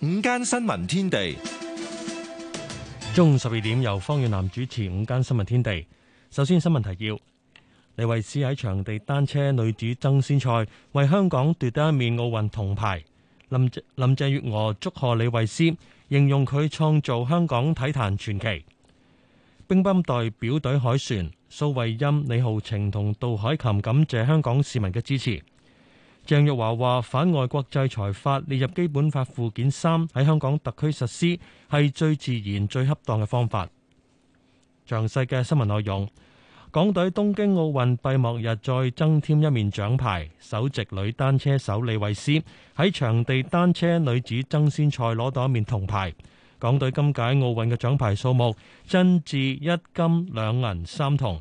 午間新聞天地，中午十二點由方遠南主持《午間新聞天地》。首先新聞提要：李慧詩喺場地單車女子爭先賽為香港奪得一面奧運銅牌，林林鄭月娥祝賀李慧詩，形容佢創造香港體壇傳奇。乒乓代表隊凱旋蘇慧音、欣李浩晴同杜海琴感謝香港市民嘅支持。鄭玉華話：反外國制裁法列入基本法附件三喺香港特區實施係最自然、最恰當嘅方法。詳細嘅新聞內容，港隊東京奧運閉幕日再增添一面獎牌，首席女單車手李慧詩喺場地單車女子爭先賽攞到一面銅牌。港隊今屆奧運嘅獎牌數目增至一金兩銀三銅。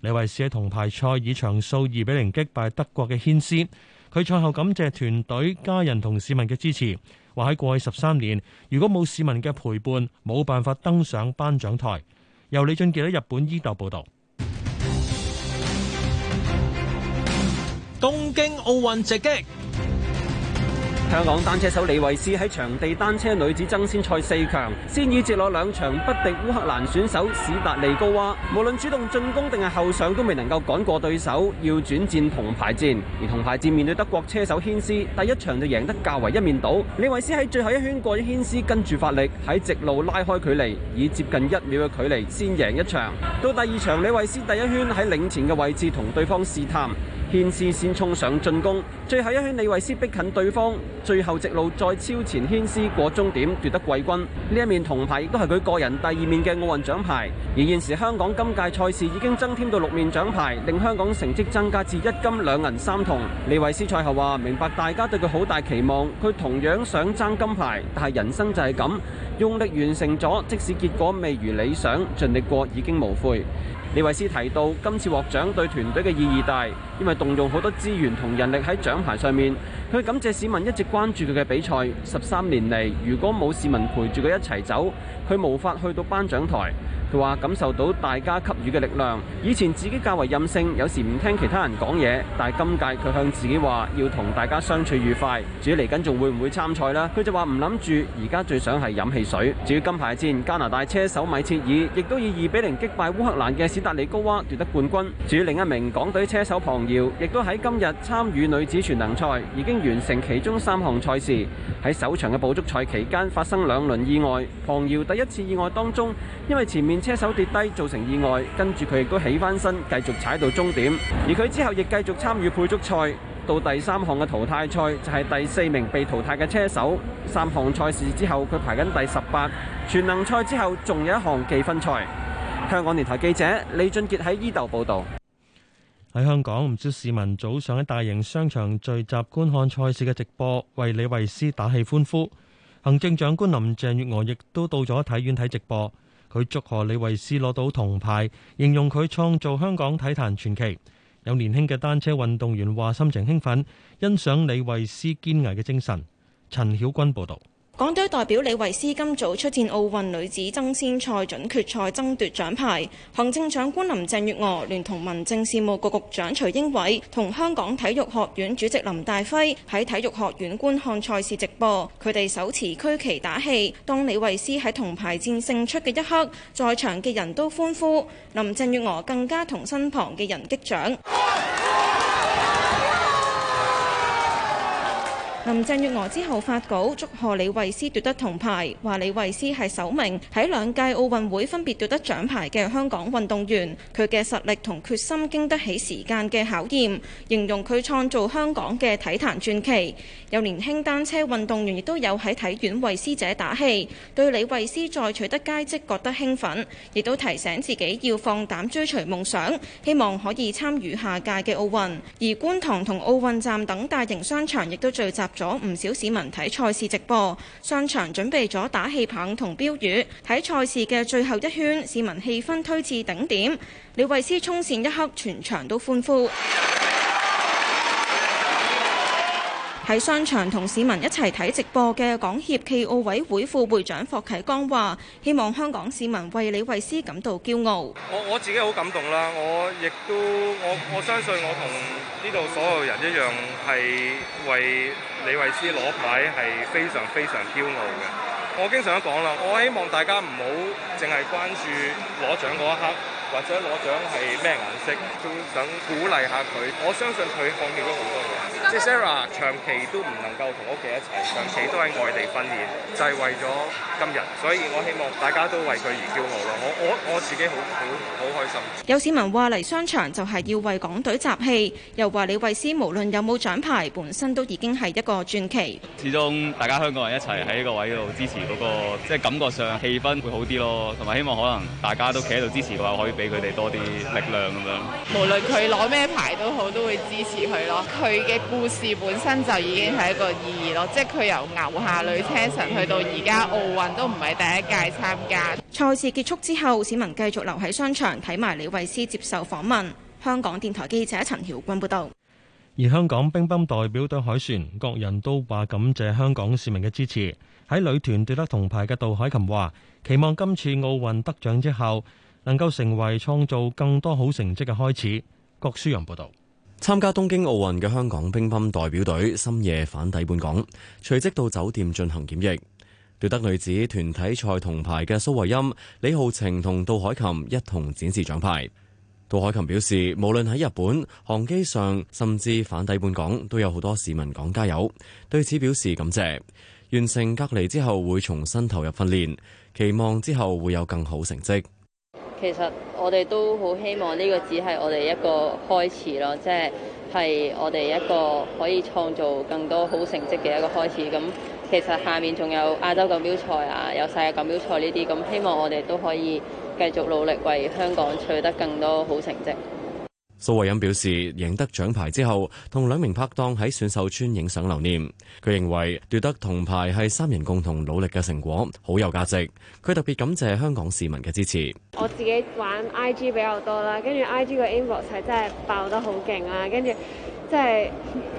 李慧詩喺銅牌賽以場數二比零擊敗德國嘅軒斯。佢賽後感謝團隊、家人同市民嘅支持，話喺過去十三年，如果冇市民嘅陪伴，冇辦法登上頒獎台。由李俊傑喺日本伊豆報道，東京奧運直擊。香港單車手李慧詩喺場地單車女子爭先賽四強，先已接落兩場不敵烏克蘭選手史達利高娃，無論主動進攻定係後上都未能夠趕過對手，要轉戰銅牌戰。而銅牌戰面對德國車手軒斯，第一場就贏得較為一面倒。李慧詩喺最後一圈過咗軒斯跟，跟住發力喺直路拉開距離，以接近一秒嘅距離先贏一場。到第二場，李慧詩第一圈喺領前嘅位置同對方試探。軒斯先衝上進攻，最後一圈李慧詩逼近對方，最後直路再超前牽絲過終點，軒斯過終點奪得季軍。呢一面銅牌亦都係佢個人第二面嘅奧運獎牌。而現時香港今屆賽事已經增添到六面獎牌，令香港成績增加至一金兩銀三銅。李慧詩賽後話：明白大家對佢好大期望，佢同樣想爭金牌，但係人生就係咁，用力完成咗，即使結果未如理想，盡力過已經無悔。李慧詩提到，今次獲獎對團隊嘅意義大。因為動用好多資源同人力喺獎牌上面，佢感謝市民一直關注佢嘅比賽。十三年嚟，如果冇市民陪住佢一齊走，佢無法去到頒獎台。佢話感受到大家給予嘅力量。以前自己較為任性，有時唔聽其他人講嘢，但係今屆佢向自己話要同大家相處愉快。至於嚟緊仲會唔會參賽呢？佢就話唔諗住。而家最想係飲汽水。至於金牌戰，加拿大車手米切爾亦都以二比零擊敗烏克蘭嘅史達里高娃奪得冠軍。至於另一名港隊車手旁。耀亦都喺今日參與女子全能賽，已經完成其中三項賽事。喺首場嘅捕捉賽期間發生兩輪意外，唐瑤第一次意外當中，因為前面車手跌低造成意外，跟住佢亦都起翻身繼續踩到終點。而佢之後亦繼續參與配足賽到第三項嘅淘汰賽，就係、是、第四名被淘汰嘅車手。三項賽事之後，佢排緊第十八。全能賽之後仲有一項記分賽。香港電台記者李俊傑喺伊豆報道。喺香港唔少市民早上喺大型商場聚集觀看賽事嘅直播，為李慧詩打氣歡呼。行政長官林鄭月娥亦都到咗體院睇直播，佢祝賀李慧詩攞到銅牌，形容佢創造香港體壇傳奇。有年輕嘅單車運動員話心情興奮，欣賞李慧詩堅毅嘅精神。陳曉君報道。港隊代表李慧詩今早出戰奧運女子爭先賽準決賽，爭奪獎牌。行政長官林鄭月娥聯同民政事務局局長徐英偉同香港體育學院主席林大輝喺體育學院觀看賽事直播，佢哋手持區旗打氣。當李慧詩喺銅牌戰勝出嘅一刻，在場嘅人都歡呼。林鄭月娥更加同身旁嘅人擊掌。 林鄭月娥之後發稿，祝賀李慧詩奪得銅牌，話李慧詩係首名喺兩屆奧運會分別奪得獎牌嘅香港運動員，佢嘅實力同決心經得起時間嘅考驗，形容佢創造香港嘅體壇傳奇。有年輕單車運動員亦都有喺體院為師姐打氣，對李慧詩再取得佳績覺得興奮，亦都提醒自己要放膽追隨夢想，希望可以參與下屆嘅奧運。而觀塘同奧運站等大型商場亦都聚集咗唔少市民睇賽事直播，商場準備咗打氣棒同標語。睇賽事嘅最後一圈，市民氣氛推至頂點。李慧詩衝線一刻，全場都歡呼。喺 商場同市民一齊睇直播嘅港協暨奧委會副會長霍啟剛話：希望香港市民為李慧詩感到驕傲。我我自己好感動啦，我亦都我我相信我同。呢度所有人一樣係為李慧詩攞牌係非常非常驕傲嘅。我經常都講啦，我希望大家唔好淨係關注攞獎嗰一刻，或者攞獎係咩顏色，都想鼓勵下佢。我相信佢放棄咗好多嘢。即係 Sarah 長期都唔能夠同屋企一齊，長期都喺外地訓練，就係、是、為咗今日，所以我希望大家都為佢而驕傲咯。我我我自己好好好開心。有市民話嚟商場就係要為港隊集氣，又話李慧詩無論有冇獎牌，本身都已經係一個傳奇。始終大家香港人一齊喺呢個位度支持嗰、那個，即係感覺上氣氛會好啲咯，同埋希望可能大家都企喺度支持嘅話，可以俾佢哋多啲力量咁樣。無論佢攞咩牌都好，都會支持佢咯。佢嘅。故事本身就已經係一個意義咯，即係佢由牛下女車神去到而家奧運都唔係第一屆參加。賽事結束之後，市民繼續留喺商場睇埋李慧詩接受訪問。香港電台記者陳曉君報導。而香港乒乓代表隊凱旋，各人都話感謝香港市民嘅支持。喺女團奪得銅牌嘅杜凱琹話：期望今次奧運得獎之後，能夠成為創造更多好成績嘅開始。郭舒陽報導。參加東京奧運嘅香港乒乓代表隊深夜返抵本港，隨即到酒店進行檢疫。奪得女子團體賽銅牌嘅蘇慧音、李皓晴同杜凱琹一同展示獎牌。杜凱琹表示，無論喺日本、航機上，甚至返抵本港，都有好多市民講加油，對此表示感謝。完成隔離之後，會重新投入訓練，期望之後會有更好成績。其實我哋都好希望呢個只係我哋一個開始咯，即係係我哋一個可以創造更多好成績嘅一個開始。咁其實下面仲有亞洲錦標賽啊，有世界錦標賽呢啲，咁希望我哋都可以繼續努力，為香港取得更多好成績。蘇慧音表示，贏得獎牌之後，同兩名拍檔喺選手村影相留念。佢認為奪得銅牌係三人共同努力嘅成果，好有價值。佢特別感謝香港市民嘅支持。我自己玩 IG 比較多啦，跟住 IG 個 inbox 係真係爆得好勁啦，跟住即係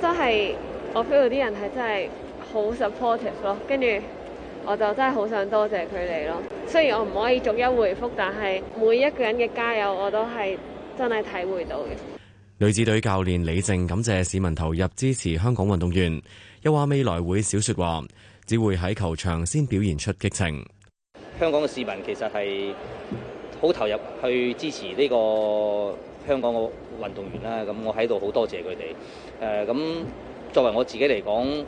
都係我 feel 到啲人係真係好 supportive 咯，跟住我就真係好想多謝佢哋咯。雖然我唔可以逐一回覆，但係每一個人嘅加油我都係。真係體會到嘅。女子隊教練李靜感謝市民投入支持香港運動員，又話未來會少說話，只會喺球場先表現出激情。香港嘅市民其實係好投入去支持呢個香港嘅運動員啦，咁我喺度好多謝佢哋。誒、呃、咁作為我自己嚟講，誒、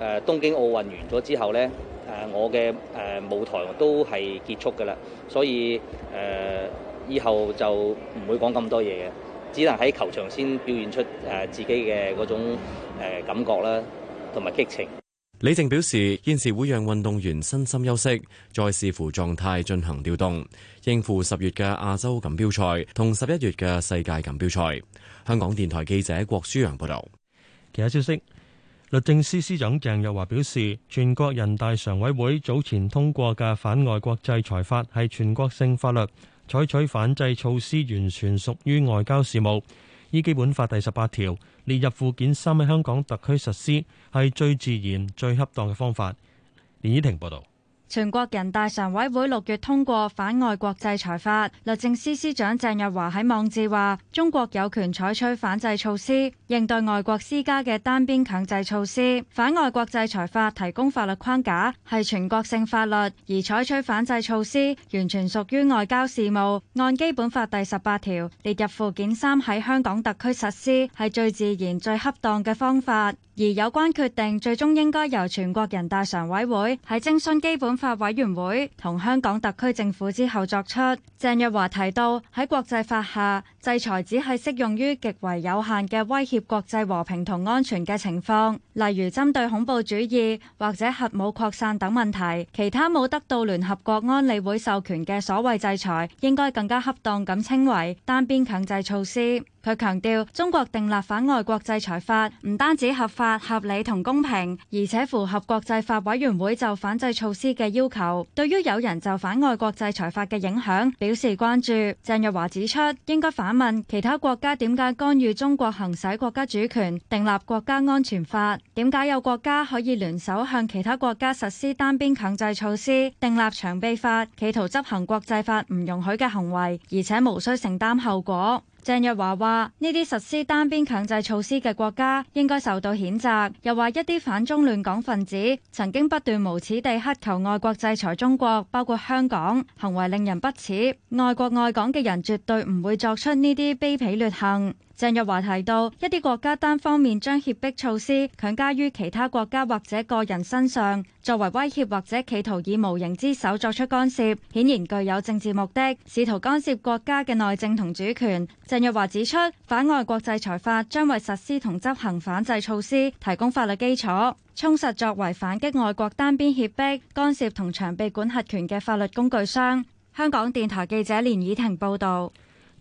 呃、東京奧運完咗之後呢，誒、呃、我嘅誒、呃、舞台都係結束㗎喇，所以誒、呃以後就唔會講咁多嘢嘅，只能喺球場先表現出自己嘅嗰種感覺啦，同埋激情。李靜表示，現時會讓運動員身心休息，再視乎狀態進行調動，應付十月嘅亞洲錦標賽同十一月嘅世界錦標賽。香港電台記者郭舒揚報導。其他消息，律政司司長鄭若驊表示，全國人大常委會早前通過嘅反外國制裁法係全國性法律，採取反制措施完全屬於外交事務，依《基本法》第十八條列入附件三喺香港特區實施係最自然、最恰當嘅方法。連依婷報道。全國人大常委會六月通過反外國制裁法，律政司司長鄭若驊喺網誌話：中國有權採取反制措施應對外國施加嘅單邊強制措施。反外國制裁法提供法律框架，係全國性法律，而採取反制措施完全屬於外交事務。按基本法第十八條，列入附件三喺香港特區實施係最自然、最恰當嘅方法。而有關決定最終應該由全國人大常委會喺徵詢基本法，法委員會同香港特區政府之後作出。鄭若驊提到，喺國際法下，制裁只係適用於極為有限嘅威脅國際和平同安全嘅情況，例如針對恐怖主義或者核武擴散等問題。其他冇得到聯合國安理會授權嘅所謂制裁，應該更加恰當咁稱為單邊強制措施。佢強調，中國訂立反外國制裁法唔單止合法、合理同公平，而且符合國際法委員會就反制措施嘅要求。對於有人就反外國制裁法嘅影響表示關注，鄭若驊指出，應該反問其他國家點解干預中國行使國家主權訂立國家安全法？點解有國家可以聯手向其他國家實施單邊強制措施、訂立長臂法，企圖執行國際法唔容許嘅行為，而且無需承擔後果？鄭若驊話：呢啲實施單邊強制措施嘅國家應該受到譴責。又話一啲反中亂港分子曾經不斷無恥地乞求外國制裁中國，包括香港，行為令人不齒。愛國愛港嘅人絕對唔會作出呢啲卑鄙劣行。鄭若驊提到，一啲國家單方面將脅迫措施強加於其他國家或者個人身上，作為威脅或者企圖以無形之手作出干涉，顯然具有政治目的，試圖干涉國家嘅內政同主權。鄭若驊指出，反外國制裁法將為實施同執行反制措施提供法律基礎，充實作為反擊外國單邊脅迫、干涉同長臂管轄權嘅法律工具箱。香港電台記者連以婷報道。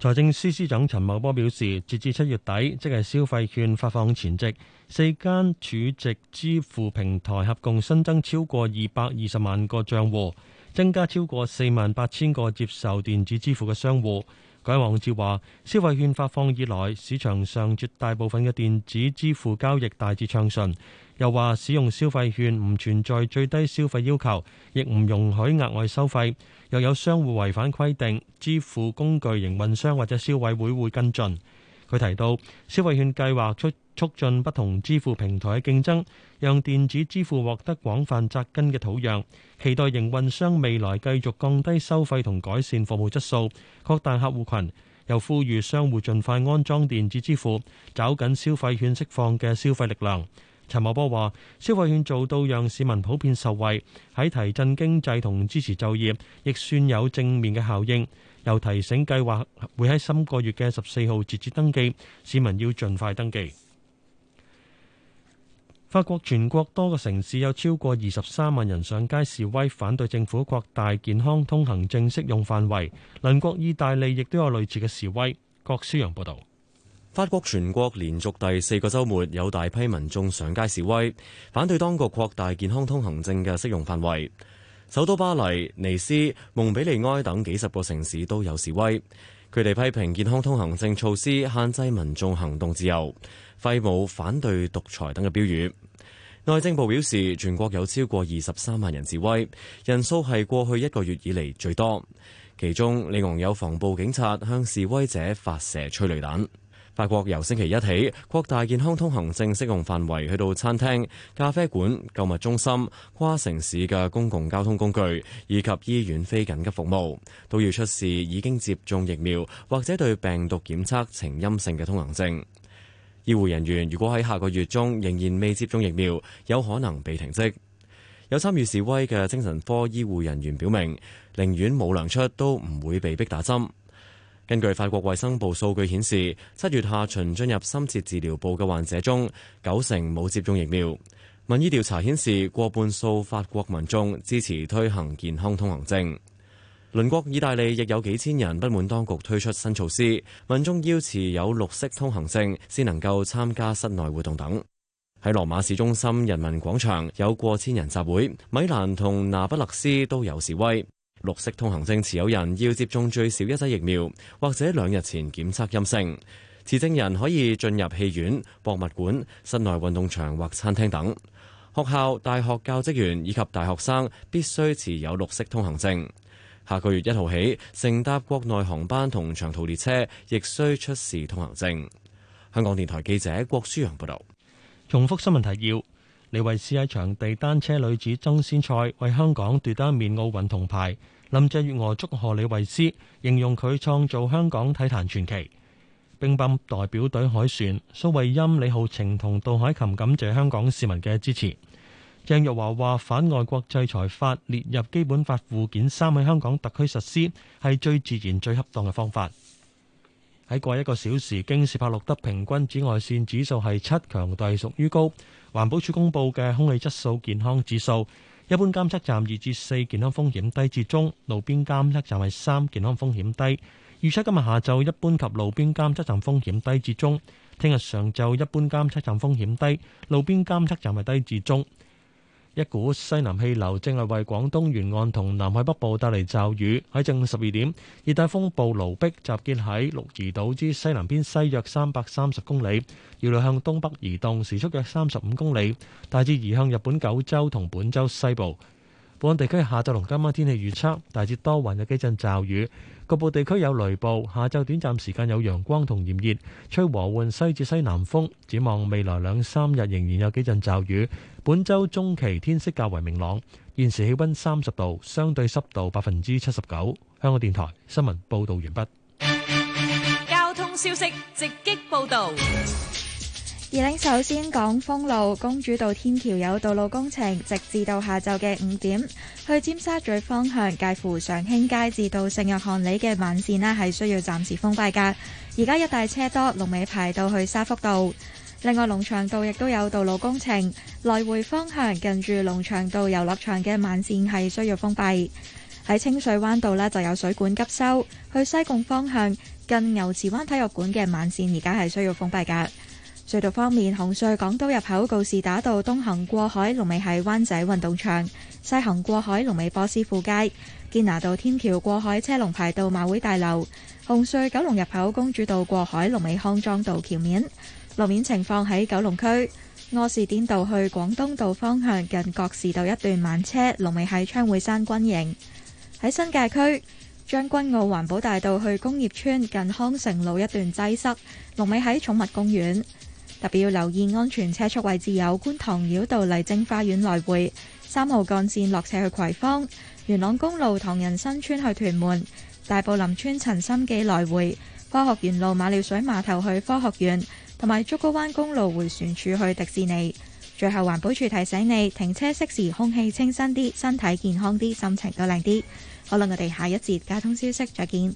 財政司司長陳茂波表示，截至七月底，即係消費券發放前夕，四間儲值支付平台合共新增超過二百二十萬個賬戶，增加超過四萬八千個接受電子支付嘅商戶。喺網誌話：消費券發放以來，市場上絕大部分嘅電子支付交易大致暢順。又話使用消費券唔存在最低消費要求，亦唔容許額外收費。又有商戶違反規定，支付工具營運商或者消委會會跟進。佢提到消費券計劃促促進不同支付平台嘅競爭，讓電子支付獲得廣泛扎根嘅土壤。期待營運商未來繼續降低收費同改善服務質素，擴大客戶群。又呼籲商戶盡快安裝電子支付，找緊消費券釋放嘅消費力量。陳茂波話：消費券做到讓市民普遍受惠，喺提振經濟同支持就業，亦算有正面嘅效應。又提醒計劃會喺今個月嘅十四號截止登記，市民要盡快登記。法國全國多個城市有超過二十三萬人上街示威，反對政府擴大健康通行證適用範圍。鄰國意大利亦都有類似嘅示威。郭舒陽報道。法國全國連續第四個周末有大批民眾上街示威，反對當局擴大健康通行證嘅適用範圍。首都巴黎、尼斯、蒙彼利埃等幾十個城市都有示威。佢哋批評健康通行證措施限制民眾行動自由，揮舞、反對獨裁等嘅標語。內政部表示，全國有超過二十三萬人示威，人數係過去一個月以嚟最多。其中，里昂有防暴警察向示威者發射催淚彈。法國由星期一起擴大健康通行證適用範圍，去到餐廳、咖啡館、購物中心、跨城市嘅公共交通工具以及醫院非緊急服務，都要出示已經接種疫苗或者對病毒檢測呈陰性嘅通行證。醫護人員如果喺下個月中仍然未接種疫苗，有可能被停職。有參與示威嘅精神科醫護人員表明，寧願冇糧出都唔會被逼打針。根據法國衛生部數據顯示，七月下旬進入深切治療部嘅患者中，九成冇接種疫苗。民意調查顯示，過半數法國民眾支持推行健康通行證。鄰國意大利亦有幾千人不滿當局推出新措施，民眾要持有綠色通行證先能夠參加室內活動等。喺羅馬市中心人民廣場有過千人集會，米蘭同拿坡里都有示威。綠色通行證持有人要接種最少一劑疫苗，或者兩日前檢測陰性。持證人可以進入戲院、博物館、室內運動場或餐廳等。學校、大學教職員以及大學生必須持有綠色通行證。下個月一號起，乘搭國內航班同長途列車亦需出示通行證。香港電台記者郭舒揚報道。重複新聞提要。李慧詩喺場地單車女子爭先賽為香港奪得一面奧運銅牌，林鄭月娥祝賀李慧詩，形容佢創造香港體壇傳奇。乒乓代表隊凱旋，蘇慧音、李浩晴同杜海琴感謝香港市民嘅支持。鄭若驊話反外國制裁法列入基本法附件三喺香港特區實施係最自然最恰當嘅方法。喺過一個小時，京士柏錄得平均紫外線指數係七，強度屬於高。環保署公布嘅空氣質素健康指數，一般監測站二至四，健康風險低至中；路邊監測站係三，健康風險低。預測今日下晝一般及路邊監測站風險低至中，聽日上晝一般監測站風險低，路邊監測站係低至中。一股西南氣流正係為廣東沿岸同南海北部帶嚟驟雨。喺正午十二點，熱帶風暴盧碧集結喺鹿兒島之西南邊西約三百三十公里，要來向東北移動，時速約三十五公里，大致移向日本九州同本州西部。本地區下晝同今晚天氣預測，大致多雲，有幾陣驟雨，局部地區有雷暴。下晝短暫時間有陽光同炎熱，吹和緩西至西南風。展望未來兩三日仍然有幾陣驟雨。本周中期天色較為明朗。現時氣温三十度，相對濕度百分之七十九。香港電台新聞報道完畢。交通消息直擊報道。二領首先講封路，公主道天橋有道路工程，直至到下晝嘅五點。去尖沙咀方向，介乎常興街至到聖約翰里嘅晚線呢，係需要暫時封閉噶。而家一大車多，龍尾排到去沙福道。另外，龍翔道亦都有道路工程，來回方向近住龍翔道遊樂場嘅晚線係需要封閉。喺清水灣道呢，就有水管急修。去西貢方向近牛池灣體育館嘅晚線而家係需要封閉噶。隧道方面，紅隧港島入口告士打道東行過海，龍尾喺灣仔運動場；西行過海，龍尾波斯富街。堅拿道天橋過海，車龍排到馬會大樓。紅隧九龍入口公主道過海，龍尾康莊道橋面。路面情況喺九龍區，柯士甸道去廣東道方向近國士道一段慢車，龍尾喺昌會山軍營。喺新界區，將軍澳環保大道去工業村近康城路一段擠塞，龍尾喺寵物公園。特別要留意安全車速位置有觀塘繞道麗晶花園來回、三號幹綫落車去葵芳、元朗公路唐人新村去屯門、大埔林村陳心記來回、科學園路馬料水碼頭去科學園，同埋竹篙灣公路回旋處去迪士尼。最後環保處提醒你，停車熄匙，空氣清新啲，身體健康啲，心情都靚啲。好啦，我哋下一節交通消息再見。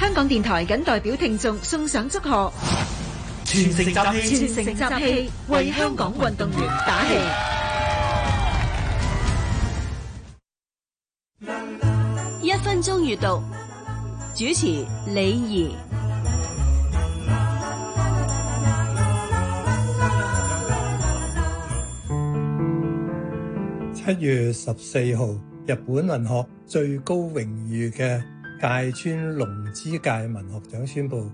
香港電台謹代表聽眾送上祝賀，全城集氣，全城集氣，為香港運動員打氣。一分鐘閱讀，主持李怡。七月十四號，日本文學最高榮譽嘅。芥川龍之介文學獎宣布，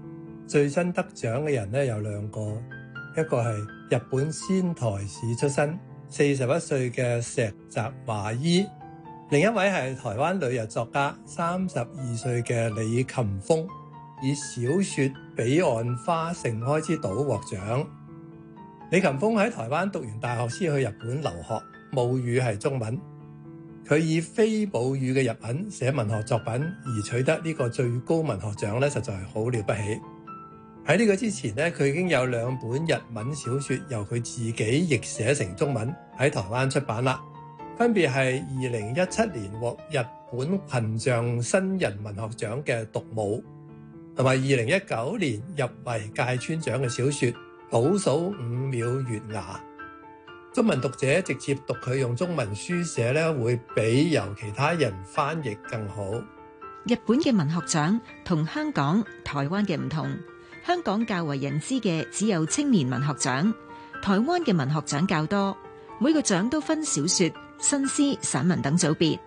最新得獎嘅人呢，有兩個，一個係日本仙台市出身四十一歲嘅石澤華衣，另一位係台灣旅游作家三十二歲嘅李琴峰，以小說《彼岸花盛開之島》獲獎。李琴峰喺台灣讀完大學先去日本留學，母語係中文。佢以非母語嘅日文寫文學作品而取得呢個最高文學獎咧，實在係好了不起。喺呢個之前咧，佢已經有兩本日文小説由佢自己譯寫成中文喺台灣出版啦，分別係二零一七年獲日本群像新人文學獎嘅《獨舞》，同埋二零一九年入圍芥川獎嘅小説《倒數五秒月牙》。中文讀者直接讀佢用中文書寫咧，會比由其他人翻譯更好。日本嘅文學獎同香港、台灣嘅唔同。香港較為人知嘅只有青年文學獎，台灣嘅文學獎較多。每個獎都分小說、新詩、散文等組別。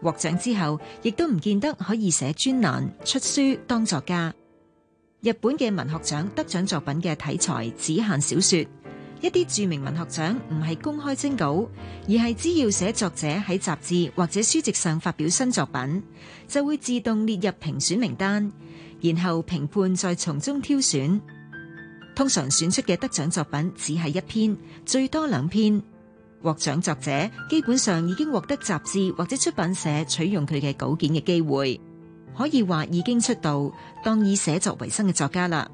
獲獎之後，亦都唔見得可以寫專欄、出書、當作家。日本嘅文學獎得獎作品嘅題材只限小說。一啲著名文學獎唔係公開徵稿，而係只要寫作者喺雜誌或者書籍上發表新作品，就會自動列入評選名單，然後評判再從中挑選。通常選出嘅得獎作品只係一篇，最多兩篇。獲獎作者基本上已經獲得雜誌或者出版社取用佢嘅稿件嘅機會，可以話已經出道，當以寫作為生嘅作家啦。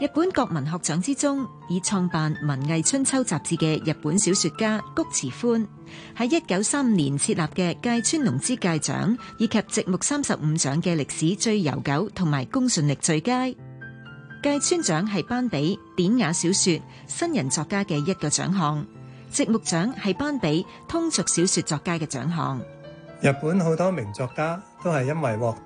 日本國文學獎之中，以創辦文藝春秋雜誌嘅日本小說家菊池寬喺一九三五年設立嘅芥川龍之介獎，以及直木三十五獎嘅歷史最悠久同埋公信力最佳。芥川獎係頒俾典雅小說新人作家嘅一個獎項，直木獎係頒俾通俗小說作家嘅獎項。日本好多名作家都係因為獲。